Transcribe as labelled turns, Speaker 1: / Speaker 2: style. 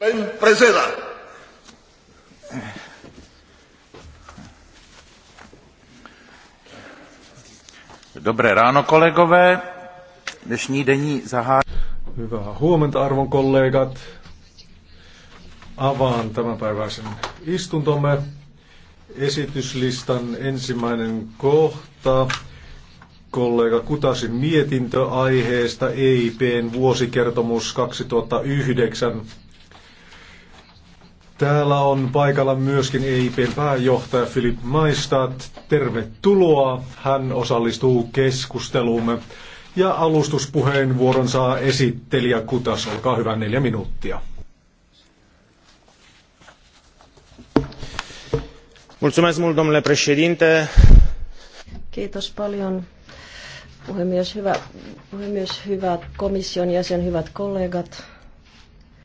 Speaker 1: Pán predseda.
Speaker 2: Dobré ráno, kolegové. Dnešní denní zahá...
Speaker 3: Hyvää huomenta, arvon kollegat. Avaan tämän päiväisen istuntomme. Esityslistan ensimmäinen kohta kollega Kutasin mietintö aiheesta EIPn vuosikertomus 2009. Täällä on paikalla myöskin EIPn pääjohtaja Filip Maistat. Tervetuloa. Hän osallistuu keskusteluumme. Ja alustuspuheenvuoron saa esittelijä Kutas. Olkaa hyvä, neljä minuuttia.
Speaker 4: Mulțumesc mult, domnule președinte.
Speaker 5: Kiitos paljon, puhemies. Hyvä, puhemies, hyvät komission jäsen, hyvät kollegat.